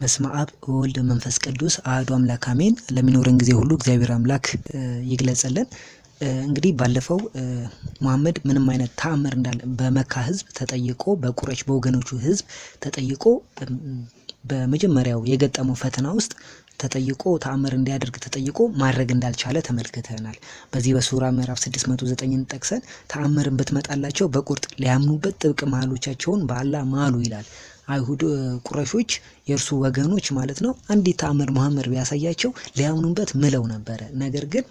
በስመ አብ ወወልድ መንፈስ ቅዱስ አህዱ አምላክ አሜን። ለሚኖረን ጊዜ ሁሉ እግዚአብሔር አምላክ ይግለጸልን። እንግዲህ ባለፈው ሙሐመድ ምንም አይነት ተአምር እንዳለ በመካ ህዝብ ተጠይቆ በቁረሽ በወገኖቹ ህዝብ ተጠይቆ በመጀመሪያው የገጠመው ፈተና ውስጥ ተጠይቆ ተአምር እንዲያደርግ ተጠይቆ ማድረግ እንዳልቻለ ተመልክተናል። በዚህ በሱራ ምዕራፍ 609ን ጠቅሰን ተአምርን ብትመጣላቸው በቁርጥ ሊያምኑበት ጥብቅ መሃሎቻቸውን በአላ ማሉ ይላል። አይሁድ ቁረሾች የእርሱ ወገኖች ማለት ነው አንዲት ተአምር መሐመድ ቢያሳያቸው ሊያምኑበት ምለው ነበረ። ነገር ግን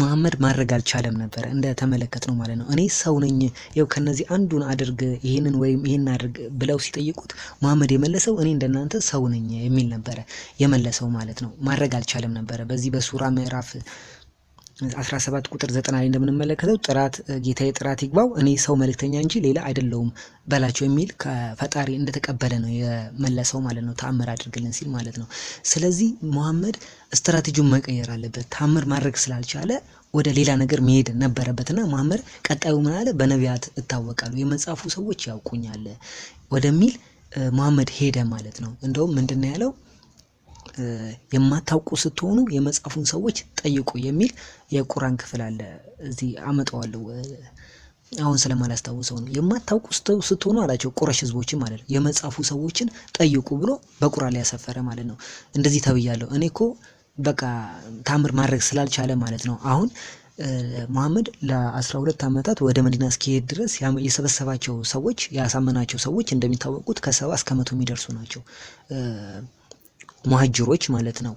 መሐመድ ማድረግ አልቻለም ነበረ ተመለከት ነው ማለት ነው። እኔ ሰው ነኝ ይኸው ከነዚህ አንዱን አድርግ ይህንን ወይም ይህን አድርግ ብለው ሲጠይቁት መሐመድ የመለሰው እኔ እንደናንተ ሰው ነኝ የሚል ነበረ የመለሰው ማለት ነው። ማድረግ አልቻለም ነበረ በዚህ በሱራ ምዕራፍ 17 ቁጥር 90 ላይ እንደምንመለከተው ጥራት ጌታዬ ጥራት ይግባው እኔ ሰው መልእክተኛ እንጂ ሌላ አይደለውም በላቸው የሚል ከፈጣሪ እንደተቀበለ ነው የመለሰው ማለት ነው። ተአምር አድርግልን ሲል ማለት ነው። ስለዚህ መሐመድ ስትራቴጂውን መቀየር አለበት። ተአምር ማድረግ ስላልቻለ ወደ ሌላ ነገር መሄድ ነበረበትና መሐመድ ቀጣዩ ምን አለ? በነቢያት እታወቃሉ፣ የመጽሐፉ ሰዎች ያውቁኛል ወደሚል መሐመድ ሄደ ማለት ነው። እንደውም ምንድን ነው ያለው የማታውቁ ስትሆኑ የመጽሐፉን ሰዎች ጠይቁ የሚል የቁራን ክፍል አለ። እዚህ አመጣዋለሁ አሁን ስለማላስታውሰው ነው። የማታውቁ ስትሆኑ አላቸው ቁረሽ ህዝቦችን ማለት ነው የመጽሐፉ ሰዎችን ጠይቁ ብሎ በቁራን ላይ ያሰፈረ ማለት ነው። እንደዚህ ተብያለሁ እኔ እኮ በቃ ታምር ማድረግ ስላልቻለ ማለት ነው። አሁን መሐመድ ለአስራ ሁለት ዓመታት ወደ መዲና እስኪሄድ ድረስ የሰበሰባቸው ሰዎች ያሳመናቸው ሰዎች እንደሚታወቁት ከሰባ እስከ መቶ የሚደርሱ ናቸው። ሙሀጅሮች ማለት ነው።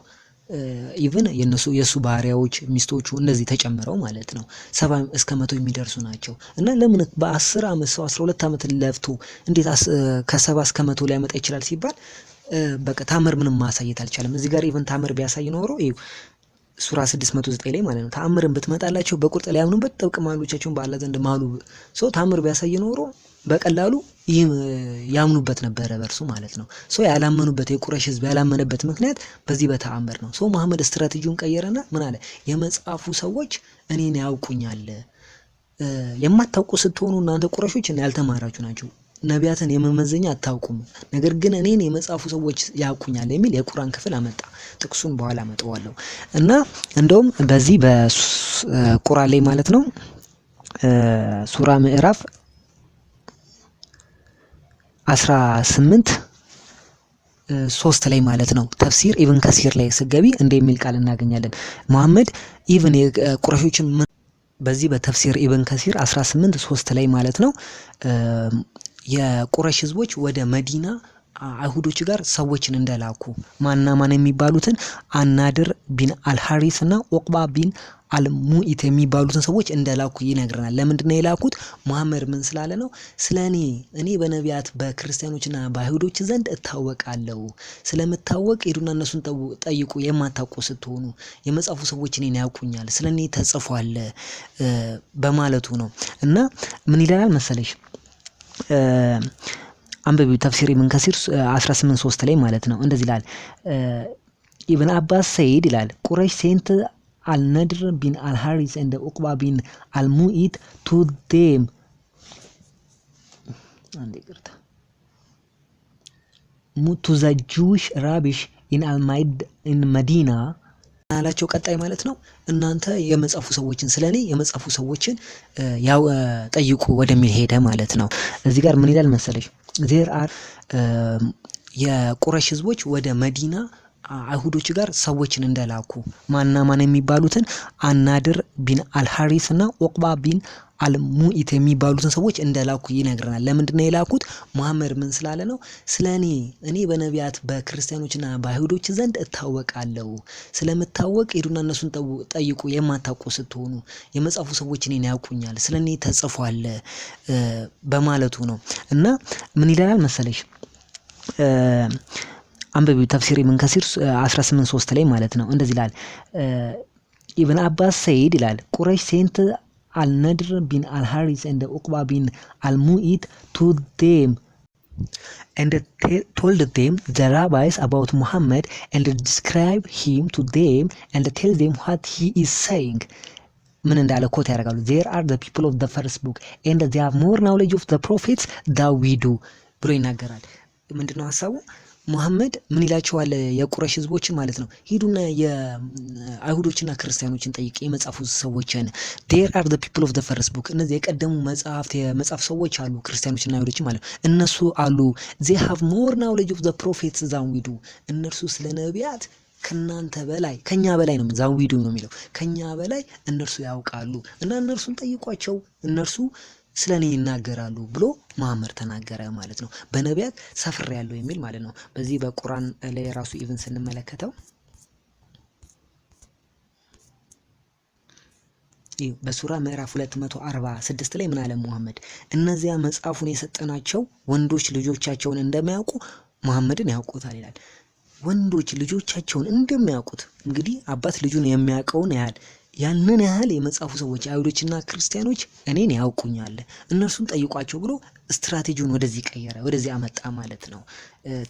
ኢቭን የነሱ የእሱ ባሪያዎች ሚስቶቹ እነዚህ ተጨምረው ማለት ነው ሰባ እስከ መቶ የሚደርሱ ናቸው። እና ለምን በአስር አመት ሰው አስራ ሁለት ዓመት ለፍቶ እንዴት ከሰባ እስከ መቶ ሊያመጣ ይችላል ሲባል በቃ ታምር ምንም ማሳየት አልቻለም። እዚህ ጋር ኢቭን ታምር ቢያሳይ ኖሮ ሱራ 609 ላይ ማለት ነው ታምርን ብትመጣላቸው በቁርጥ ሊያምኑበት ጥብቅ ማሎቻቸውን በአላ ዘንድ ማሉ ሰው ታምር ቢያሳይ ኖሮ በቀላሉ ይህም ያምኑበት ነበረ በእርሱ ማለት ነው። ሶ ያላመኑበት የቁረሽ ህዝብ ያላመነበት ምክንያት በዚህ በተአምር ነው። ሶ መሐመድ ስትራቴጂውን ቀየረና ምን አለ? የመጽሐፉ ሰዎች እኔን ያውቁኛል። የማታውቁ ስትሆኑ እናንተ ቁረሾች ያልተማራችሁ ናቸው ነቢያትን የመመዘኛ አታውቁም። ነገር ግን እኔን የመጽሐፉ ሰዎች ያውቁኛል የሚል የቁራን ክፍል አመጣ። ጥቅሱን በኋላ መጥዋለሁ እና እንደውም በዚህ በቁራን ላይ ማለት ነው ሱራ ምዕራፍ አስራ ስምንት ሶስት ላይ ማለት ነው። ተፍሲር ኢብን ከሲር ላይ ስገቢ እንደ የሚል ቃል እናገኛለን። መሐመድ ኢብን ቁረሾችን በዚህ በተፍሲር ኢብን ከሲር 18 ሶስት ላይ ማለት ነው የቁረሽ ህዝቦች ወደ መዲና አይሁዶች ጋር ሰዎችን እንደላኩ ማና ማን የሚባሉትን አናድር ቢን አልሐሪስ እና ኦቅባ ቢን አልሙኢት የሚባሉትን ሰዎች እንደላኩ ይነግረናል። ለምንድነው የላኩት? ሙሐመድ ምን ስላለ ነው? ስለ እኔ እኔ በነቢያት በክርስቲያኖችና በአይሁዶች ዘንድ እታወቃለሁ። ስለምታወቅ ሄዱና እነሱን ጠይቁ፣ የማታውቁ ስትሆኑ የመጽሐፉ ሰዎች እኔን ያውቁኛል፣ ስለ እኔ ተጽፏል በማለቱ ነው። እና ምን ይለናል መሰለሽ አንበቢው ተፍሲር ኢብን ከሲር 183 ላይ ማለት ነው። እንደዚህ ይላል ኢብን አባስ ሰይድ ይላል ቁረይሽ ሴንት አልነድር ቢን አልሃሪስ እንደ ኡቅባ ቢን አልሙኢት ቱ ዴም ቱ ራቢሽ ኢን አልማይድ ኢን መዲና አላቸው። ቀጣይ ማለት ነው እናንተ የመጽሐፉ ሰዎችን ስለኔ የመጽሐፉ ሰዎችን ያው ጠይቁ ወደሚል ሄደ ማለት ነው። እዚህ ጋር ምን ይላል መሰለሽ? ዜር አር um, የቁረሽ ህዝቦች ወደ መዲና አይሁዶች ጋር ሰዎችን እንደላኩ ማና ማን የሚባሉትን አናድር ቢን አልሐሪስ እና ኦቅባ ቢን አልሙኢት የሚባሉትን ሰዎች እንደላኩ ይነግረናል። ለምንድን ነው የላኩት? ሙሐመድ ምን ስላለ ነው? ስለ እኔ እኔ በነቢያት በክርስቲያኖችና በአይሁዶች ዘንድ እታወቃለሁ። ስለምታወቅ ሄዱና እነሱን ጠይቁ፣ የማታውቁ ስትሆኑ የመጽሐፉ ሰዎች እኔን ያውቁኛል፣ ስለ እኔ ተጽፏል በማለቱ ነው። እና ምን ይለናል መሰለሽ አንበቢው ተፍሲር ኢብን ከሲር 183 ላይ ማለት ነው። እንደዚህ ይላል ኢብን አባስ ሰይድ ይላል ቁረይሽ ሴንት አልነድር ቢን አልሃሪስ እንደ ኡቅባ ቢን አልሙኢት ቱ ዴም እንደ ቶልድ ዴም the rabbis አባውት ሙሐመድ እንደ ዲስክራይብ ሂም ቱ ዴም እንደ ቴል ዴም ዋት ሂ ኢዝ saying. ምን እንዳለ ኮት ያደርጋሉ። ዜር አር ዘ ፒፕል ኦፍ ዘ ፈርስት ቡክ ኤንድ ዘ ሃቭ ሞር ናውሌጅ ኦፍ ዘ ፕሮፌትስ ዳ ዊ ዱ ብሎ ይናገራል። ምንድነው ሀሳቡ? ሙሐመድ ምን ይላቸዋል? የቁረሽ ህዝቦችን ማለት ነው። ሂዱና የአይሁዶችና ክርስቲያኖችን ጠይቅ፣ የመጽሐፉ ሰዎችን ዴር አር ዘ ፒፕል ኦፍ ዘ ፈርስት ቡክ። እነዚህ የቀደሙ መጽሐፍት የመጽሐፍ ሰዎች አሉ፣ ክርስቲያኖችና አይሁዶችን ማለት ነው። እነሱ አሉ ዜ ሃቭ ሞር ናውሌጅ ኦፍ ዘ ፕሮፌትስ ዛን ዊዱ። እነርሱ ስለ ነቢያት ከእናንተ በላይ ከኛ በላይ ነው። ዛን ዊዱ ነው የሚለው ከኛ በላይ እነርሱ ያውቃሉ እና እነርሱን ጠይቋቸው እነርሱ ስለ እኔ ይናገራሉ ብሎ መሐመድ ተናገረ ማለት ነው። በነቢያት ሰፍር ያለው የሚል ማለት ነው። በዚህ በቁርአን ላይ ራሱ ኢቭን ስንመለከተው በሱራ ምዕራፍ 246 ላይ ምን አለ መሐመድ? እነዚያ መጽሐፉን የሰጠናቸው ወንዶች ልጆቻቸውን እንደሚያውቁ መሐመድን ያውቁታል ይላል። ወንዶች ልጆቻቸውን እንደሚያውቁት እንግዲህ አባት ልጁን የሚያውቀውን ያህል ያንን ያህል የመጽሐፉ ሰዎች አይሁዶችና ክርስቲያኖች እኔን ያውቁኛል እነርሱን ጠይቋቸው ብሎ ስትራቴጂውን ወደዚህ ቀየረ፣ ወደዚህ አመጣ ማለት ነው።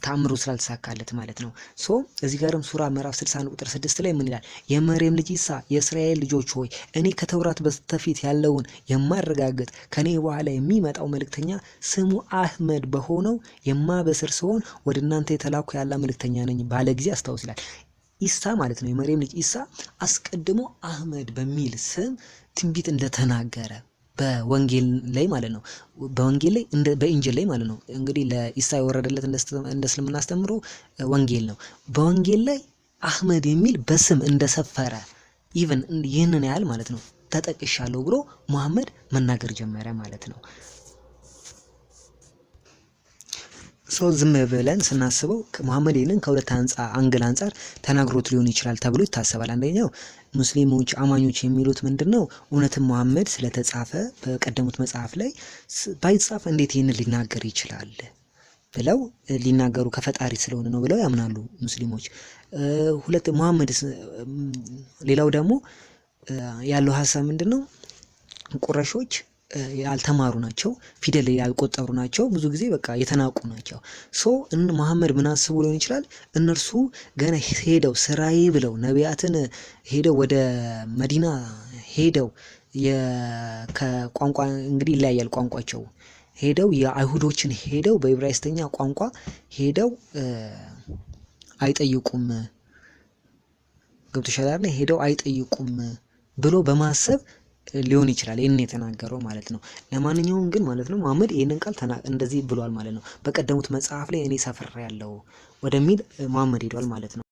ታምሮ ስላልተሳካለት ማለት ነው። ሶ እዚህ ጋርም ሱራ ምዕራፍ 61 ቁጥር 6 ላይ ምን ይላል? የመርየም ልጅ ኢሳ የእስራኤል ልጆች ሆይ እኔ ከተውራት በስተፊት ያለውን የማረጋገጥ ከኔ በኋላ የሚመጣው መልእክተኛ ስሙ አህመድ በሆነው የማበስር ሲሆን ወደ እናንተ የተላኩ ያላ መልእክተኛ ነኝ ባለ ጊዜ አስታውስ ይላል። ኢሳ ማለት ነው የመርየም ልጅ ኢሳ አስቀድሞ አህመድ በሚል ስም ትንቢት እንደተናገረ በወንጌል ላይ ማለት ነው። በወንጌል ላይ በኢንጅል ላይ ማለት ነው። እንግዲህ ለኢሳ የወረደለት እንደ እስልምና አስተምሮ ወንጌል ነው። በወንጌል ላይ አህመድ የሚል በስም እንደሰፈረ ኢቨን ይህንን ያህል ማለት ነው ተጠቅሻለሁ ብሎ መሐመድ መናገር ጀመረ ማለት ነው። ሰው ዝም ብለን ስናስበው መሐመድ ይህንን ከሁለት አንግል አንጻር ተናግሮት ሊሆን ይችላል ተብሎ ይታሰባል። አንደኛው ሙስሊሞች አማኞች የሚሉት ምንድን ነው? እውነትም መሐመድ ስለተጻፈ በቀደሙት መጽሐፍ ላይ ባይጻፍ እንዴት ይህንን ሊናገር ይችላል ብለው ሊናገሩ ከፈጣሪ ስለሆነ ነው ብለው ያምናሉ ሙስሊሞች። ሁለት መሐመድ ሌላው ደግሞ ያለው ሀሳብ ምንድን ነው? ቁረሾች ያልተማሩ ናቸው፣ ፊደል ያልቆጠሩ ናቸው፣ ብዙ ጊዜ በቃ የተናቁ ናቸው። ሶ መሐመድ ምን አስቡ ሊሆን ይችላል። እነርሱ ገና ሄደው ስራዬ ብለው ነቢያትን ሄደው ወደ መዲና ሄደው ከቋንቋ እንግዲህ ይለያያል ቋንቋቸው ሄደው የአይሁዶችን ሄደው በዕብራይስተኛ ቋንቋ ሄደው አይጠይቁም ገብቶሻል አይደል? ሄደው አይጠይቁም ብሎ በማሰብ ሊሆን ይችላል ይህን የተናገረው ማለት ነው። ለማንኛውም ግን ማለት ነው መሐመድ ይህንን ቃል እንደዚህ ብሏል ማለት ነው። በቀደሙት መጽሐፍ ላይ እኔ ሰፍሬያለሁ ወደሚል መሐመድ ሄዷል ማለት ነው።